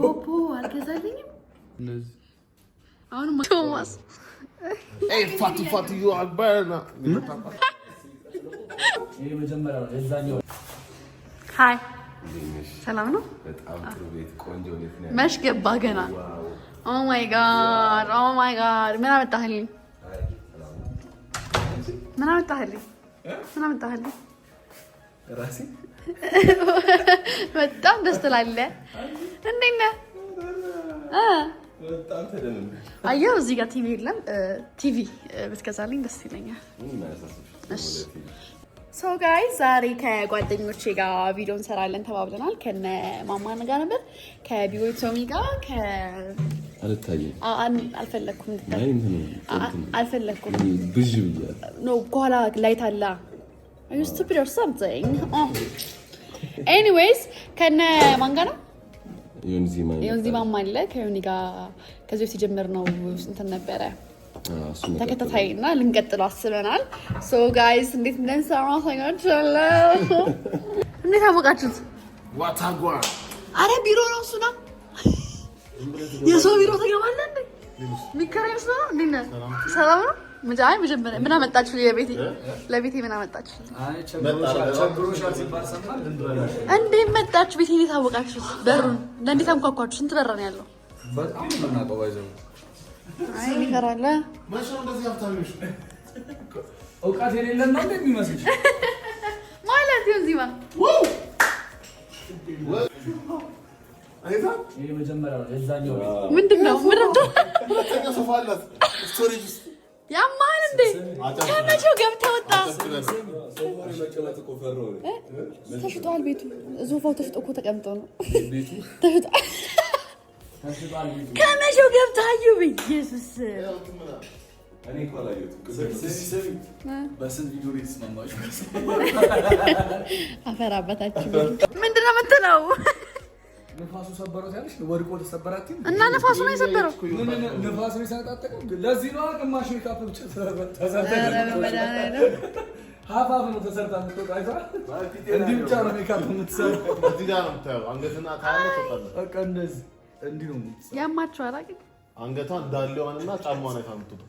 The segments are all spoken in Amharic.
ቾፖ አልገዛልኝም። ሰላም ነው። መሽ ገባ ገና። ኦ ማይ ጋድ ኦ ማይ ጋድ! ምን አመጣህልኝ? ምን አመጣህልኝ? ምን አመጣህልኝ? በጣም ደስ ትላለህ። እንዴት ነህ? አየው እዚህ ጋር ቲቪ የለም። ቲቪ ብትገዛልኝ ደስ ይለኛል። ሶ ጋይ ዛሬ ከጓደኞቼ ጋር ቪዲዮ እንሰራለን ተባብለናል። ከነ ማማን ጋር ነበር ከቢሮ ቶሚ ጋር አልፈለግኩም አልፈለግኩም ኖ ኋላ ላይት አላ ዩስቱፒድ ኦር ሳምቲንግ ኤኒዌይስ ከነ ማን ጋር ነው ዮንዚማም አለ ከዮኒ ጋር ከዚህ በፊት የጀመርነው እንትን ነበረ ተከታታይ እና ልንቀጥለው አስበናል። ሶ ጋይስ እንዴት እንደንሰራ ማሳኛችለው። እንዴት አወቃችሁት? አረ ቢሮ ነው እሱና የሰው ቢሮ ተገባለ ሚከራ ይመስላል። እንዴት ነህ? ሰላም ነው ምንጃይ መጀመሪያ ምን አመጣችሁ? ለቤቴ ለቤቴ ምን አመጣችሁ? እንዴት መጣችሁ? ቤቴ እንዴት አወቃችሁት? በሩን ለእንዴት አንኳኳችሁ? ስንት በራ ነው ያለው? አይ ይፈራል። እውቀት የሌለና እንደሚመስል ማለት ነው እዚህ ምንድን ነው? ምንድን ነው? ያማል እንዴ? ከመቼው ገብተህ ወጣ? ተሽጧል። ቤቱ ሶፋው ተሽጦ እኮ ተቀምጦ ነው። ከመቼው ገብተህ አየሁ። ኢየሱስ አፈር አባታችሁ ምንድን ነው የምትለው? ንፋሱ ሰበረው ያለሽ ወድቆ ተሰበራት እና ንፋሱ ነው የሰበረው። ንፋሱ ነው የተነጣጠቀው። ለዚህ ነው ግማሽ ሜካፕ ብቻ ሀፋፍ ነው ተሰርታ እንዲህ ብቻ ነው ሜካፕ የምትሰራው። አንገቷን ዳሌዋንና ጫማዋን አይታ የምትወጣው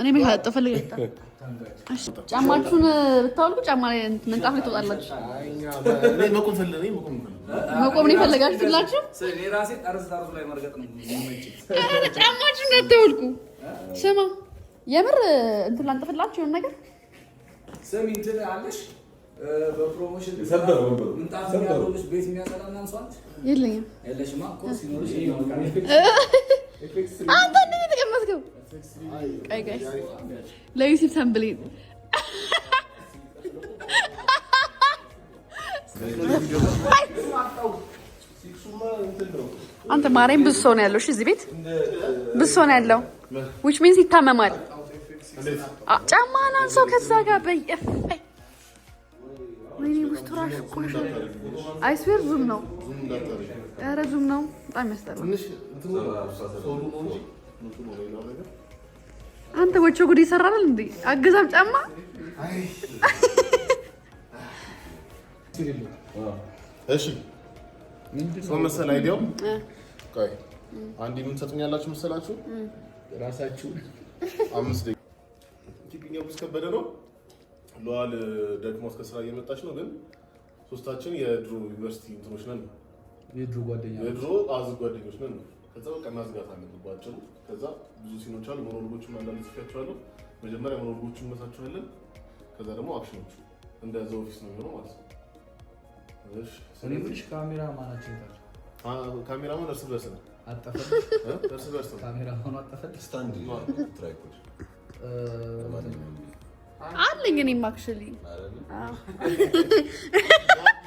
እኔ ቤት አጥፈል ጫማችሁን ብታወልቁ ጫማ ላይ ምንጣፍ ላይ ትወጣላችሁ። መቆም ነው የፈለጋችሁላችሁ። ጫማችሁን እንዳታወልቁ። ስማ የምር እንትን ላንጥፍላችሁ የሆነ ነገር የለኝም አንተ ቀይ ቀይ ለዩሲፍ ተንብሌን አንተ ማርያም ብዙ ሰው ነው ያለው። እሺ እዚህ ቤት ብዙ ሰው ነው ያለው። ዊች ሚንስ ይታመማል። ጫማህን አንሳው ከዛ ጋር በየፈይ ወይኔ ውስጡ እራሱ አይስዌር ዙም ነው። ዙም ነው በጣም ያስጠላል። አንተ ወቾ ጉድ ይሰራል እንዴ? አገዛም ጫማ እሺ፣ ሰው መሰል አይዲያው ቆይ፣ አንድ ምን ሰጥኛላችሁ መሰላችሁ? ራሳችሁ አምስት ደቂቃ ትግኛው ውስጥ ከበደ ነው። ለዋል ደግሞ እስከ ስራ እየመጣች ነው፣ ግን ሶስታችን የድሮ ዩኒቨርሲቲ እንትኖች ነን፣ የድሮ ጓደኛ የድሮ አዝ ጓደኞች ነን። ከዛ በቃ ማዝጋት አለብን ከዛ ብዙ ሲኖች አሉ። ሞኖሎጎቹ አንዳንድ ጽፌያቸዋለሁ። መጀመሪያ ሞኖሎጎቹ እንመሳቸዋለን። ከዛ ደግሞ አክሽኖቹ እንደ ዘ ኦፊስ ነው የሚሆነው ማለት ነው። ካሜራ ማናችን ካሜራማን እርስ በርስ ነው እርስ በርስ ነው ካሜራማን አጠፈ አለኝ እኔም አክቹዋሊ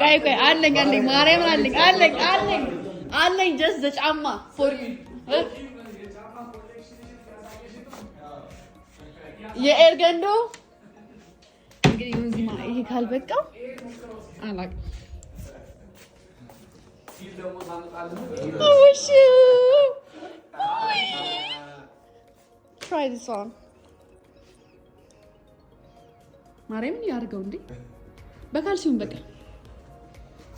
ቀይ ቀይ አለኝ አለኝ ማርያምን አለኝ አለኝ አለኝ አለኝ ጀስት ዘጫማ ፎር የኤርገንዶ እንግዲህ ዚማ ይሄ ካልበቃው አላውቅም። ማርያምን ያድርገው እንዴ በካልሲውም በቃ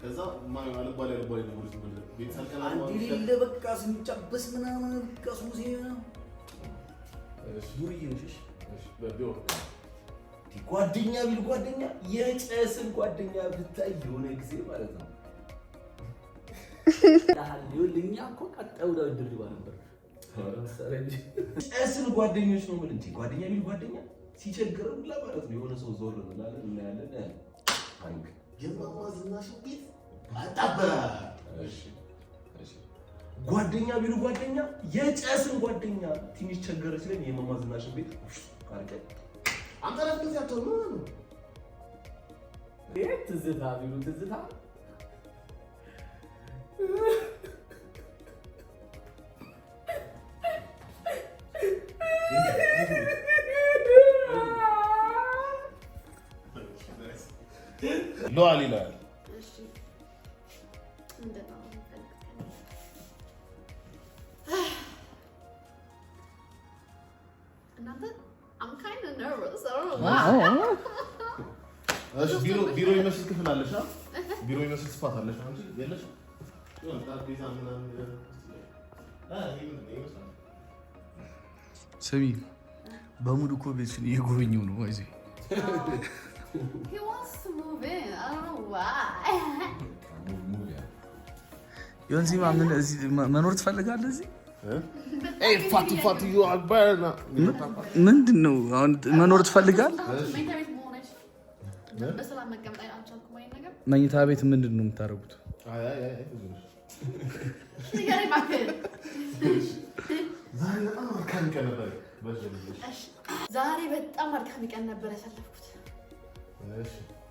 ከዛ አልባሌ በቃ በቃ ጓደኛ ቢል ጓደኛ የጨስን ጓደኛ ብታይ የሆነ ጊዜ ማለት ነው። እኛ እኮ ቀጣዩ ዳዊት ድብድባ ነበር። ጨስን ጓደኞች ነው የምልህ እንጂ ጓደኛ ቢል ጓደኛ ሲቸግረን ሁላ ማለት ነው። የሆነ ሰው ዞር እንላለን እናያለን። የማማ ዝናሽን ቤት ጓደኛ ቢሉ ጓደኛ የጨስን ጓደኛ ትንሽ ቸገረ ሲለኝ የማማ ዝናሽን ቤት ጊዜ አቶ ነው ትዝታ ቢሉ ትዝታ ሉዓል ይላል። ቢሮ ይመስል ክፍል አለሽ፣ ቢሮ ይመስል ስፋት አለሽ ስሚ በሙድ እኮ ቤት እየጎበኘው ነው moving. I don't know why. ማምን እዚህ መኖር ትፈልጋለህ? እዚህ ኤይ ፋቱ ፋቱ ዩ አባና ምንድን ነው አሁን መኖር ትፈልጋለህ? መኝታ ቤት ምንድን ነው የምታደርጉት? ዛሬ በጣም አድካሚ ቀን ነበር ያሳለፍኩት።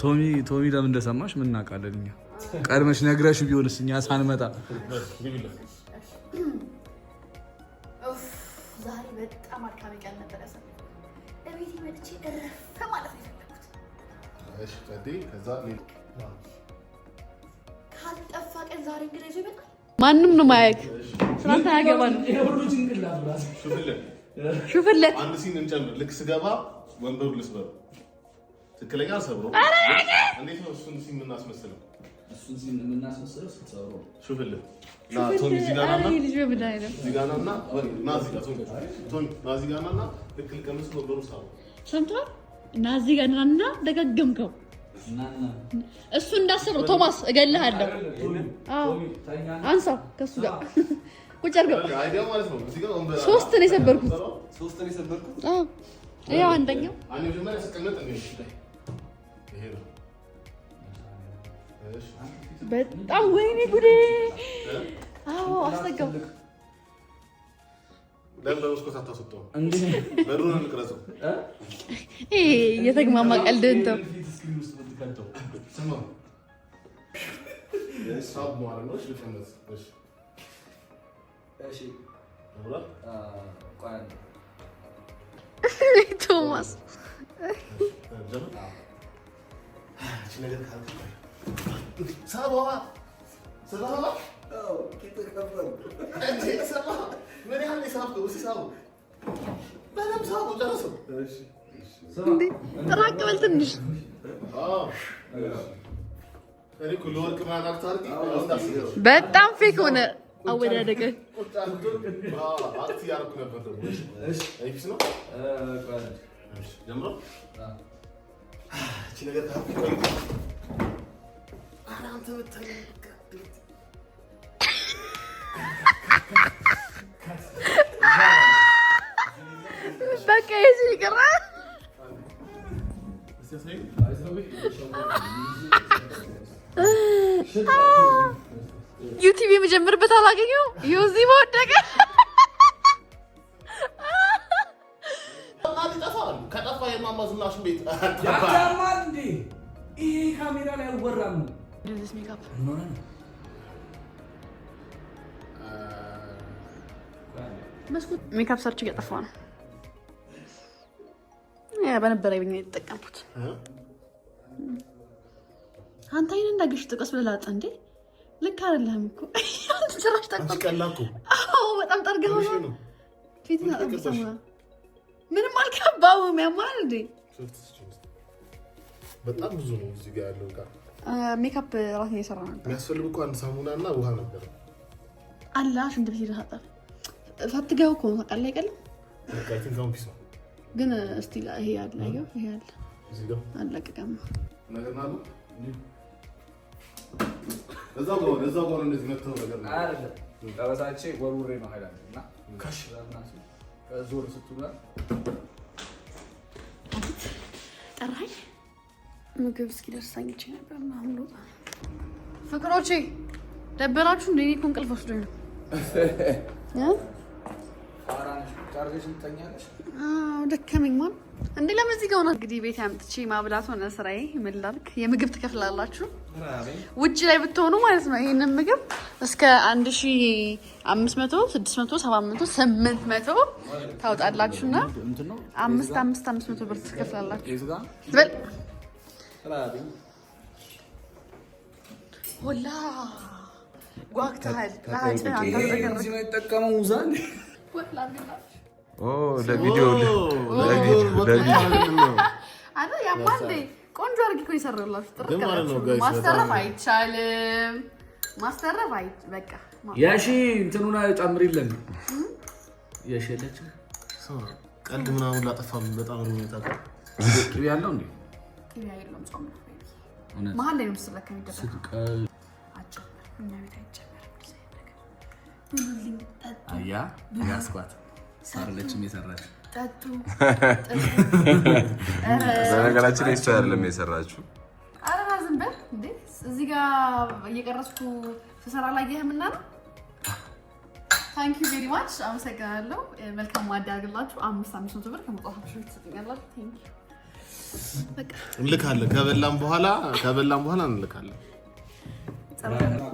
ቶሚ ቶሚ ለምን እንደሰማሽ ምን እናውቃለን እኛ። ቀድመሽ ነግረሽ ቢሆንስ እኛ ሳንመጣ። ዛሬ በጣም አድካሚ ቀን ነበረ። እቤት መጥቼ እረፍ ማለት ነው ካልጠፋ ቀን ዛሬ እንግዲህ ማንም ነው ማያውቅ። ትናንት ሹፍለት አንድ ሲን እንጨምር። ልክ ስገባ ወንበሩ ልስበር ትክክለኛ ሰብሮ እንዴት ነው እሱን ሲም እናስመስለው እሱን ሲም እናስመስለው ስትሰብሮ ሹፍልህ ና ቶሚ ዚጋናና ዚጋናና ና ዚጋ ቶሚ ና ዚጋናና ትክክል ቀምስ ወበሩ ሳቡ ሰምቷል እና ዚጋናና ደጋገምከው እሱ እንዳሰብሮ ቶማስ እገልሃለሁ። አንሳው ከሱ ጋር ቁጭ አድርገው። ሶስት ነው የሰበርኩት። ያው አንደኛው በጣም ወይኔ ጉዴ! አዎ አስጠጋው። የተግማማ ቀልድ እንተው ቶማስ ነገር ጥራቅ በል ትንሽ በጣም ፌክ ሆነ አወዳደቀ። بكى يا شيخ بس يا سعيد عايز تروح ان شاء الله يوتيوب مجمر بتاع لاقيو يوزي وات ምን ሆነ ነው? ሜካፕ ሰርች እየጠፋ ነው። በነበረ ብኛ የተጠቀምኩት አንተ አይነ እንዳገሽ ጥቀስ ብላጥ እንዴ ልክ አይደለህም እኮ አንተ ጭራሽ ጠቀላኩ። አዎ በጣም ጠርገህ ነው ፊትና ጠብሰማ ምንም አልከባውም። ያማል እንዴ በጣም ብዙ ነው እዚህ ጋር ያለው ጋር ሜካፕ ራሴን እየሰራ ነበር። የሚያስፈልግ እኮ አንድ ሳሙና እና ውሃ ነበር ሽንት ቤት እኮ አይቀልም ግን እስቲ ይሄ አለ ይሄ አለ ምግብ እስኪደርሳኝ ይቼ ነበር። አሁን ፍቅሮቼ ደበራችሁ እንደ እኔ እኮ እንቅልፍ ወስዶኝ ነው። ደከመኝ። እንደ ለምን እዚህ ጋር ሆነ? እንግዲህ ቤት አምጥቼ ማብላት ሆነ ስራዬ። ምን የምግብ ትከፍላላችሁ ውጭ ላይ ብትሆኑ ማለት ነው። ይህንን ምግብ እስከ አንድ ሺ መቶ መቶ ታውጣላችሁና አምስት አምስት አምስት መቶ ብር ትከፍላላችሁ። ራቢ ወላ ጓግተሃል። ይጠቀመው ሙዛን ቆንጆ አድርጌ እኮ የሰራሁላችሁ። ማስተረፍ አይቻልም። ማስተረፍ አይ በቃ ያሺ እንትኑን ጨምሪልን። ያሺ የለችም። ቀልድ ምናምን ላጠፋም በጣም ያለው እንዴ ባክቴሪያ የለውም ጾም ነው። መሀል ላይ ነው ምስለካ የሚደረገው። እኛ ቤት አይጨመርም። ያስኳት ሳርለችም የሰራች ጠጡ። በነገራችን ላይ እሷ አይደለም ኧረ በል እንዴ! እዚህ እየቀረስኩ ስሰራ ነው። ታንክ ዩ ቬሪ ማች አመሰግናለሁ። መልካም አምስት አምስት መቶ ብር ከመጽሐፍ ታንክ ዩ እንልካለን። ከበላም በኋላ ከበላም በኋላ እንልካለን።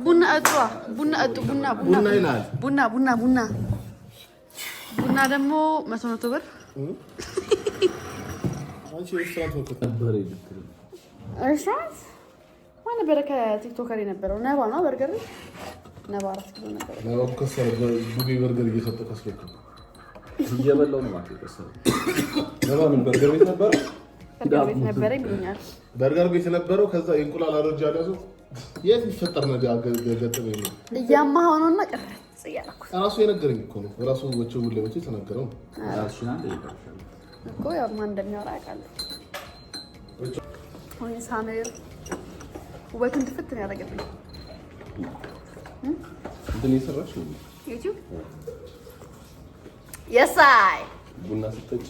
ቡና እጧ ቡና እጡ ቡና ቡና ይላል። ቡና ቡና ቡና ቡና ደግሞ መቶ መቶ ብር ማን ነበረ? ከቲክቶከር የነበረው ነባ ነው። በርገር በርገር እየሰጠ እየበላው ነው። በርገር ቤት በርገር ቤት በርገር ቤት ነበረው። ከዛ የእንቁላል አለርጂ የት ይፈጠር ነገር ገጠመ ነው እያማ ሆኖና ቅርጽ ራሱ የነገረኝ እኮ ነው። ራሱ ወቸ ለወቸ የተናገረው እኮ ያው ማን እንደሚያወራ አውቃለሁ። ነው ያደረገብኝ። እንትን ዩቲዩብ የሳይ ቡና ስጠጭ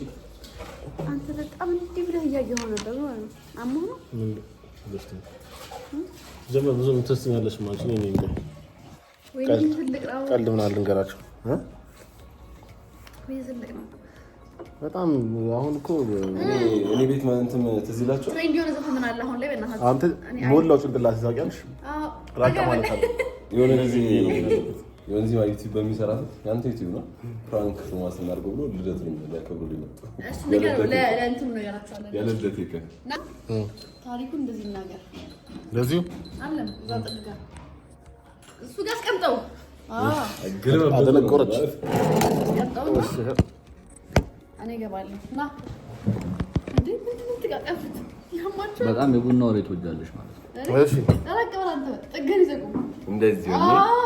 አንተ በጣም እንዲህ ብለህ እያየኸው ነበር ማለት ነው። ነው ብዙ ትወስኛለሽ ማለት ነው። እኔ ቀልድ ምናምን ልንገራቸው በጣም አሁን እኮ እኔ ቤት እንትን ትዝ ይላቸው አንተ ሞላው ጭንቅላት ታውቂያለሽ። ራቃ ማለት አለ የሆነ ጊዜ የወንዚ ማይቲ በሚሰራት ያንተ ዩቲዩብ ነው ፕራንክ ነው ማስተናርገው ብሎ ልደት ነው ሊያከብሩ ሊመጡ እሱ ነገር ለእንትኑ እንደዚህ ይናገር ለዚሁ አለም እዛ ጥልጋ እሱ ጋር አስቀምጠው አደነቆረች በጣም የቡና ወሬ ትወዳለሽ ማለት ነው። እንደዚህ ነው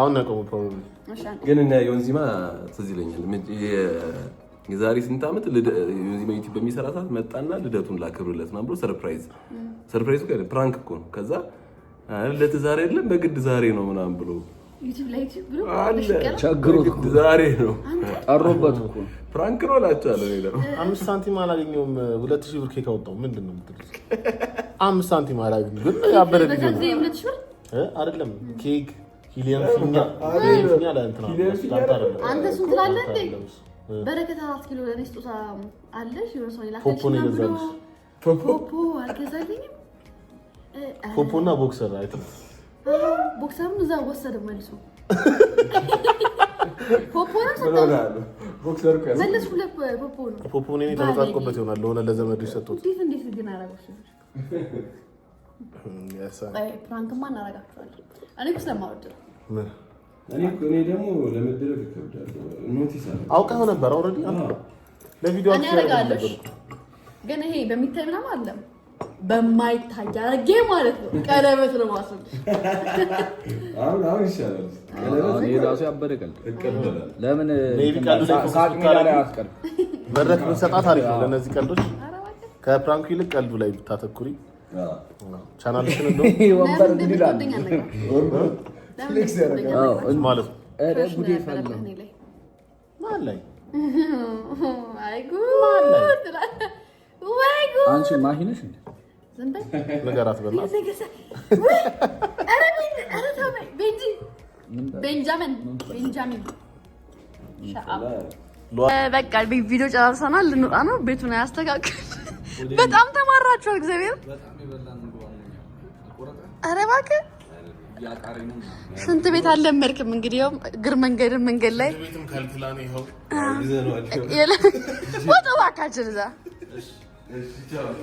አሁን ነቀሙ ፕሮብለም ግን እና ዮንዚማ ትዝ ይለኛል። የዛሬ ስንት ዓመት ዮንዚማ ዩቲዩብ በሚሰራ ሰዓት መጣና ልደቱን ላክብርለት ምናምን ብሎ ሰርፕራይዝ ሰርፕራይዝ እኮ ፕራንክ እኮ ነው። ከዛ ልደት ዛሬ አይደለም በግድ ዛሬ ነው ምናምን ብሎ ቸግሮት ዛሬ ነው ጠሮበት እኮ ፕራንክ ነው እላቸዋለሁ። አምስት ሳንቲም አላገኘሁም። ሁለት ሺህ ብር ኬክ አወጣሁ። ምንድን ነው የምትሉት? አምስት ሳንቲም አላገኘሁም። ግን ነው አይደለም ኬክ ሂሊየም ፊኛ አንተ ቦክሰር አይተህ ቦክሰርም እዛ ወሰደ መልሶ ፖፖ ነው ይሆናል ለሆነ ለዘመድሽ ሰጡት። እንዴት ግን አደረጋችሁ? ፕራንክማ እናደርጋችኋለን። እኔ ስለማወድ ነው እኔ ደግሞ ለመደረግ ይከብዳል። ኖቲስ አውቀኸው ነበር ኦልሬዲ ለቪዲዮ ግን ይሄ በሚታይ ምናምን አለም በማይታይ አረጌ ማለት ነው። ቀለበት ነው ማስብ አሁን አሁን ይሻላል። መድረክ ብንሰጣት አሪፍ ነው። ለእነዚህ ቀልዶች ከፕራንኩ ይልቅ ቀልዱ ላይ ብታተኩሪ ቻናልሽን እንደሆነ ቤንጃሚን ቤንጃሚን በቃ ቪዲዮ ጨራርሰናል። ልንወጣ ነው። ቤቱን አያስተካክል። በጣም ተማራችኋል። እግዚአብሔር ኧረ እባክህ ስንት ቤት አልለመድክም። እንግዲህ ያው እግር መንገድ መንገድ ላይ ወጡ እባካችን እዛ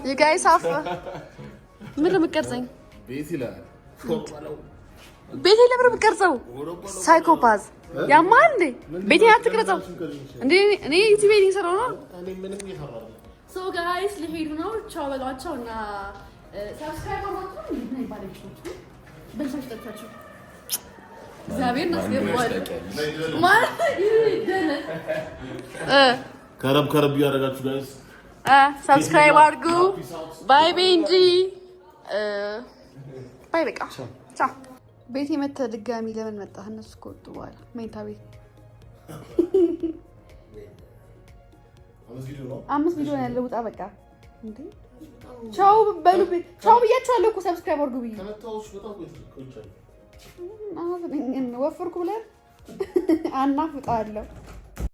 የጋይ ሳፍ ምን የምትቀርጸኝ ቤቴ ለምን የምትቀርጸው? ሳይኮፓዝ ያማል እንዴ ቤቴ አትቅርጸው እንዴ! እኔ እዚህ ቤት ሰራው ነው። ሶ ጋይስ ሊሄዱ ነው። ቻው በሏቸው እና ሰብስክራይብ ከረብ ከረብ እያደረጋችሁ ጋይስ ሰብስክራይብ አድርጉ። ባይ ቤንጂ ባይ። በቃ ቤት የመተ ድጋሚ ለምን መጣህ? እነሱ ከወጡ በኋላ መኝታ ቤት አምስት ቪዲዮ ነው ያለው። ውጣ በቃ እንዴ ቻው በሉ ቻው ብያችኋለሁ እኮ ሰብስክራይብ አድርጉ ብዬ ወፍርኩ ብለን አናፍጣለሁ።